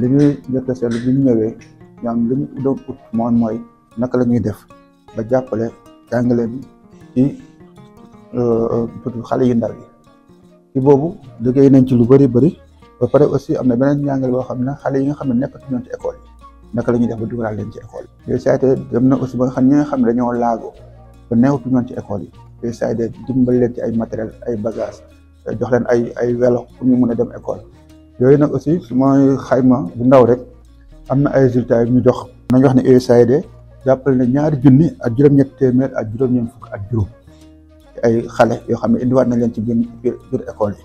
li ñuy njëkk a seetlu bi ñu ñëwee ñoom li ñu doon ut moom mooy naka la ñuy def ba jàppale jàngale bi ci euh, xale yi ndar yi ci boobu liggéey nañ ci lu bëri bëri ba pare aussi am na beneen njàngale boo xam ne xale yi nga xam ne nekkatu ñoon ci école yi naka la ñuy def ba dugalaat leen ci école yi USAID dem na aussi ba nga ñi nga xam ne dañoo laago ba neewatu ñoon ci école yi USAID dimbal leen ci ay matériel ay bagage jox leen ay ay welo pour ñu mën a dem école yooyu nag aussi su may xayma bu ndaw rek am na ay résultats yu ñu jox nañ wax ne USAID jàppale na ñaari junni ak juróom-ñett ak juróom fukk ak juróom ay xale yoo xam ne indiwaat nañ leen ci biir biir école yi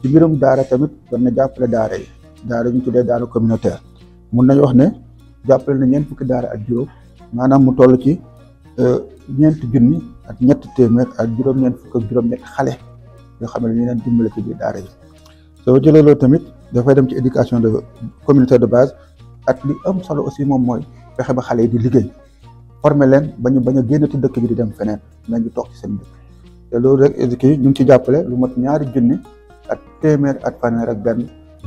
ci mbirum daara tamit na jàppale daara yi daara ñu tuddee daara communautaire mun nañ wax ne jàppale na ñeent fukki daara ak juróom maanaam mu toll ci euh, ñeent junni ak ñett téeméer ak juróom-ñeent fukk ak juróom-ñett xale yoo xam ne dañu leen dimbale ci biir daara yi soo jëlee tamit dafay dem ci éducation de communautaire de base ak li am solo aussi moom mooy pexe ba xale yi di liggéey forme leen ba ñu bañ a génnati dëkk bi di dem feneen mais ñu toog ci seen dëkk te loolu rek éduqué ñu ngi ci jàppale lu mat ñaari junni ak téeméer ak fanweer ak benn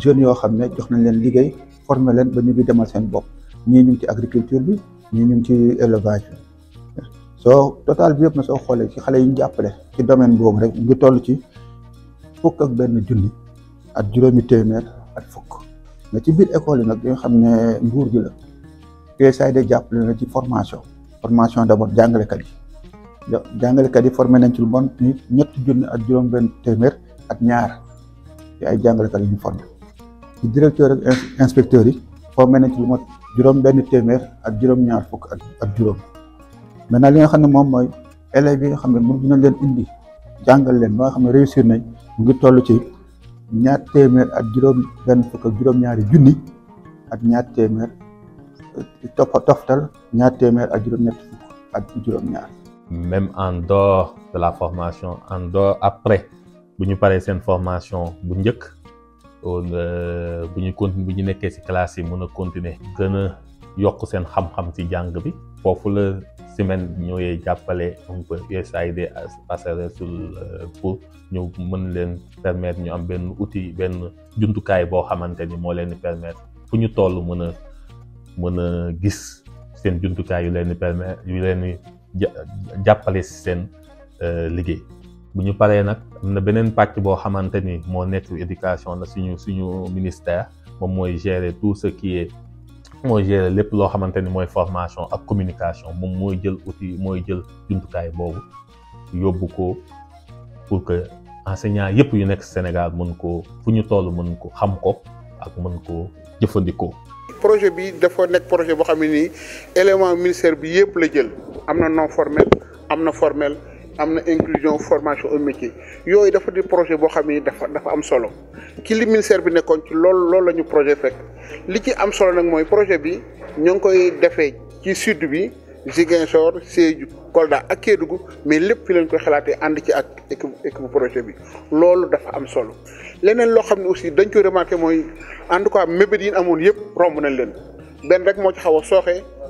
jeunes yoo xam ne jox nañ leen liggéey former leen ba ñu ngi demal seen bopp ñii ñu ngi ci agriculture bi ñii ñu ngi ci élevage bi soo total bi yëpp na soo xoolee ci xale yi ñu jàppale ci domaine boobu rek ñu ngi toll ci fukk ak benn junni ak juróomi téeméer ci biir école yi nag nga xam ne nguur gi la USAID jàppale na ci formation formation d' abord jàngalekat yi jàngalekat yi formé nañ ci lu bon ñett junni ak juróom-benn téeméer ak ñaar ay jàngalekat yu ñu formé directeur ak yi formé nañ ci lu mot juróom-benn téeméer ak juróom-ñaar fukk ak ak juróom maintenant li nga xam ne moom mooy élèves yi nga xam ne mën nañ leen indi jàngal leen ba nga xam ne réussir nañ mu ngi toll ci. ñaar téeméer ak juróom benn fukk ak juróom-ñaari junni ak ñaar téeméer eh, topp toftal ñaar téeméer ak juróom-ñett fukk ak juróom-ñaar. même en dehors de la formation en dehors après bu ñu paree seen formation bu njëkk euh, bu ñu continuer bu ñu nekkee ci classe yi mën a continuer gën a yokk seen xam-xam ci jàng bi foofu la. semaine ñooy jàppale un peu USAID passerelle sur pour mën leen permettre ñu am benn outil benn jumtukaay boo xamante ni moo leen di fu ñu toll mën a mën a gis seen jumtukaay yu leen di permettre yu leen di jàppale si seen euh, liggéey bu ñu paree nag am na beneen pàcc boo xamante ni moo nekk éducation la suñu suñu ministère moom mooy gérer tout ce qui est moy jël lépp loo xamante ni mooy formation ak communication moom mooy jël outil mooy jël jumtukaay boobu yóbbu ko pour que enseignant yépp yu nekk Sénégal mën ko fu ñu toll mën ko xam ko ak mën ko jëfandikoo. projet bi dafa nekk projet boo xam ne nii élément ministère bi yëpp la jël am na non formel am na formel am na inclusion formation au métier yooyu dafa di projet boo xam ni dafa dafa am solo ci li ministère bi nekkoon ci loolu loolu la ñu projet fekk li ci am solo nag mooy projet bi ñoo ngi koy defee ci sud bi Ziguinchor Sédhiou Kolda ak Kédougou mais lépp fi lañ koy xalaatee ànd ci ak équipe équipe projet bi loolu dafa am solo leneen loo xam ne aussi dañ koy remarqué mooy en tout cas mébét yi amoon yëpp romb nañ leen benn rek moo ci xaw a sooxee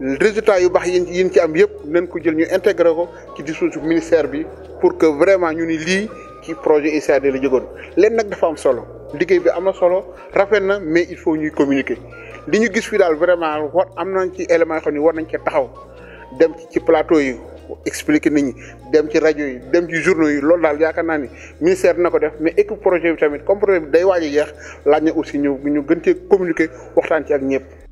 résultats yu bax yi yin ci am yëpp nañ ko jël ñu intégré ko ci dispositif ministère bi pour que vraiment ñu ni lii ci projet USAID la jógoon leen nag dafa am solo liggéey bi am na solo rafet na mais il faut ñuy communiquer li ñu gis fi daal vraiment war am nañ ci élément yoo xam ne war nañ cee taxaw dem ci plateau yi expliquer nit ñi dem ci rajo yi dem ci journaux yi loolu daal yaakaar naa ni ministère dina ko def mais équipe projet bi tamit comme projet bi day waaj a jeex laaj na aussi ñu ñu gën cee communiquer waxtaan ci ak ñëpp